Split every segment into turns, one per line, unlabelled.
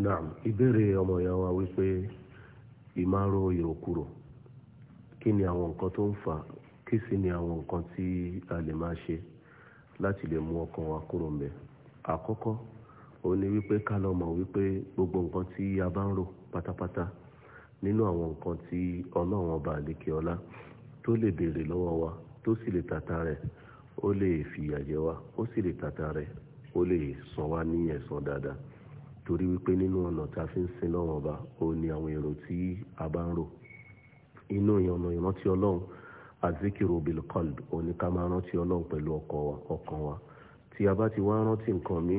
naam ìbéèrè ọmọ ìyá wa wípé ìmárò ìròkúrò kí ni àwọn nǹkan tó ń fà kí sì ni àwọn nǹkan tí a lè máa ṣe láti lè mú ọkàn wa kúrò ń bẹ àkọ́kọ́ òun ni wípé ká lọ mọ̀ wípé gbogbo nǹkan tí a bá ń rò pátápátá nínú àwọn nǹkan tí ọlọ́run ọba àlékè ọlá tó lè béèrè lọ́wọ́ wa tó sì lè tàta rẹ̀ ó lè fìyà jẹ wa ó sì lè tàta rẹ̀ ó lè san wa ní ẹ̀san dáadáa torí wípé nínú ọ̀nà tá a fi ń sin lọ́wọ́n ọba òun ni àwọn èrò tí a bá ń rò inú ìyànnà ìrántí ọlọ́run azikiru bilqalb òun rántí ọlọ́run pẹ̀lú ọkàn wa tí a bá ti wá rántí nǹkan mi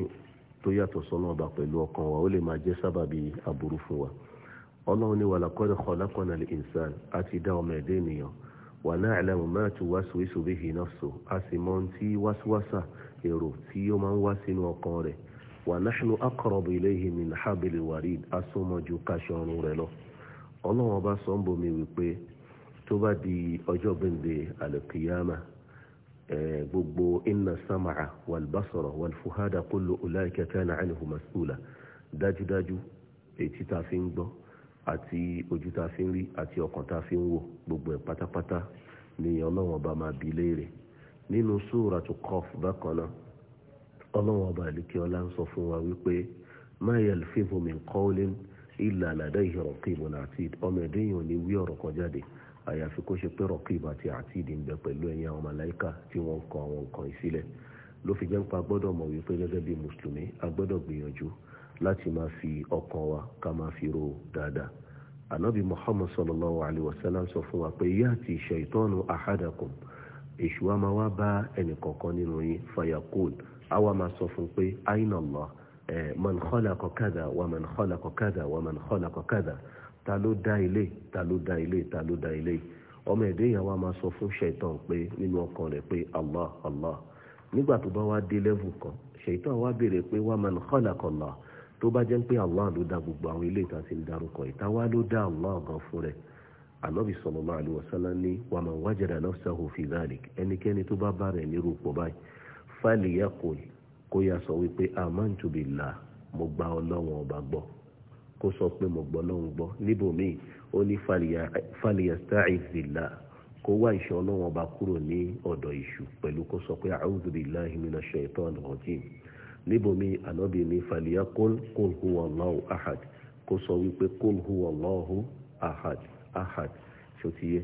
tó yàtọ̀ sọ́nà ọba pẹ̀lú ọkàn wa ó lè máa jẹ́ sábàbí aburú fún wa ọlọ́run ni walaqad khalaqnal insan a ti dá ọmọ ẹ̀dá ènìyàn wa na'lamu ma tuwaswisu bihi nafsu a sì mọ ohun tí wáṣíwáṣà èrò tí ó máa ń wá sínú ọkàn rẹ̀ wà nahnu aqrabu ilayhi min hablil warid asọmọjú káṣọ ọrùn rẹ lọ ọlọ́run ọba sọ ń bomi wípé tó bá di ọjọ́ gbẹ̀ǹde alqiyama gbogbo inna sama'a wal basara wal fuhada kullu ulaika kana anhu dájúdájú etí tá a fi ń gbọ́ àti ojú tá a fi ń rí àti ọkàn tá a fi ń wò gbogbo ẹ̀ pátápátá ni ọlọ́run ọba máa bi léèrè nínú suratu Qaf bákan náà ọlọ́run ọba àlìkẹ́ ọlá ń sọ fún wa wípé ma yalfizu min qawlin illa ladayhi raqibun atid ọmọ ẹ̀dẹ́ yìí ò ní wí ọ̀rọ̀ kan jáde àyàfi kó ṣe pé rọ̀kìbù àti àtìdì ń bẹ pẹ̀lú ẹ̀yìn àwọn màláìka tí wọ́n ń kọ àwọn nǹkan ìsílẹ̀ ló fi jẹ́ ń pa gbọ́dọ̀ mọ̀ wípé gẹ́gẹ́ bí mùsùlùmí a gbọ́dọ̀ gbìyànjú láti máa fi ọkàn wa ká máa fi ro dáadáa anabi muhammad sallallahu alayhi wa sallam sọ fún wa pé yáàtì ṣaitanu ahadakum èṣù wa máa wá bá ẹnì kọ̀ọ̀kan nínú yín fayakul àwa máa sọ fún pé aina Allah man khalaqa kada wa man khalaqa kada wa man khalaqa kada ta ló dá ilé ta ló dá ilé ta ló dá ilé ọmọ ẹ̀dẹ́ yẹn wa máa sọ fún ṣẹ̀tàn pé nínú ọkàn rẹ̀ pé Allah Allah nígbà tó bá wá dé lẹ́vù kan ṣẹ̀tàn wá béèrè pé wa man khalaqa Allah tó bá jẹ́ pé Allah ló dá gbogbo àwọn ilé ìta sí dárúkọ ìta wá ló dá Allah gan fún rẹ̀ anabi sallallahu alaihi wasallam ní wa man wajada nafsahu fi dhalik ẹnikẹ́ni tó bá bá rẹ̀ nírú pọ̀ báyìí fàlìyàkùn kó yá sọ wípé amantu billah mo gba ọlọ́run ọba gbọ́ kó sọ pé mo gbọ́ ọlọ́run gbọ́ níbòmíì ó ní fàlìyàsta'iz billah kó wá ìṣọ́ ọlọ́run ọba kúrò ní ọ̀dọ̀ ìṣù pẹ̀lú kó sọ pé a'udhu billahi minash shaitanir rajim níbòmíì ànábì ní fàlìyàkùn qul huwa Allahu ahad kó sọ wípé qul huwa Allahu ahad ahad ṣòtìyẹ́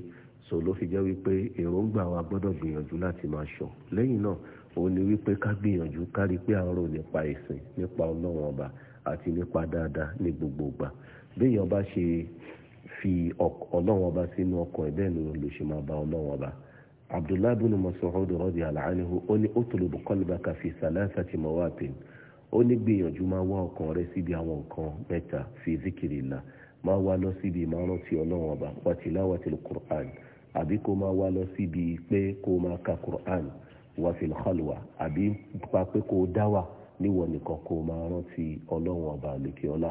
so ló fi jẹ́ wípé èròǹgbà wa gbọ́dọ̀ gbìyànjú láti máa sọ lẹ́yìn náà òun ni wípé ká gbìyànjú ká rí pé à ń rò nípa ìsìn nípa ọlọ́run ọba àti nípa dáadáa ní gbogbo ìgbà béèyàn bá ṣe fi ọlọ́run ọba sínú ọkàn ẹ̀ bẹ́ẹ̀ ni ló ṣe máa bá ọlọ́run ọba abdullahi bin masoud rọ́dì alaanihu ó ní ó tòlóbù kọ́lùbákà fi sàlẹ́sà ti mọ̀ wá pè ó ní gbìyànjú máa wá ọkàn rẹ síbi àwọn nǹkan mẹ́ta fi zikiri la máa wá lọ síbi ìmọ̀ràn ti ọlọ́run ọba wàtíláwàtí alukur'an àbí kó máa wá lọ síbi pé kó máa ka Qur'an wà fil khalwa àbí pa pé kó dá wà níwọ̀n nìkan kó máa rántí ọlọ́run ọba àlèkè ọlá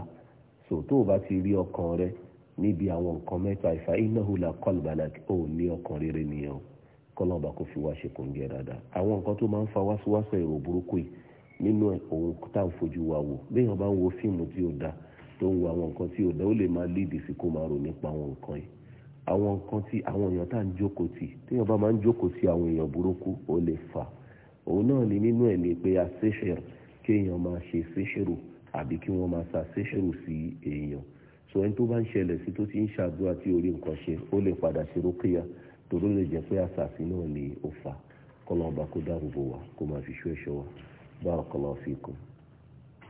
so tó o bá ti rí ọkàn rẹ níbi àwọn nǹkan mẹ́ta ìfà innahu la qalbalak ò ní ọkàn rere nìyẹn o kọ́lọ́ọ̀bà kò fi wá ṣe kò ń gẹ dáadáa àwọn nǹkan tó máa ń fa wáṣíwáṣọ èrò burúkú yìí nínú ohun tá à ń fojú wa wò béèyàn bá ń wo fíìmù tí ó da tó ń wo àwọn nǹkan tí ó da ó lè máa lídìí sí kó máa rò nípa àwọn nǹkan yìí àwọn nǹkan tí àwọn èèyàn tá à ń jókòó tì téèyàn bá máa ń jókòó sí àwọn èèyàn burúkú ó lè fà òun náà ni nínú ẹ̀ ni pé a ṣèṣirò kéèyàn máa ṣe ṣèṣirò àbí kí wọ́n máa sa ṣèṣirò sí èèyàn so ẹni tó bá ń ṣẹlẹ̀ sí tó ti ń ṣàdúrà tí orí nǹkan ṣe ó lè padà ṣe rókèyà torí lè jẹ́ pé àṣàṣì náà ni ó fà kọ́lọ́ọ̀bá kó dáàbò bò wá kó máa fi ṣú ẹ̀ṣọ́ wa báwo kọ́lọ́ọ̀ fi kún un.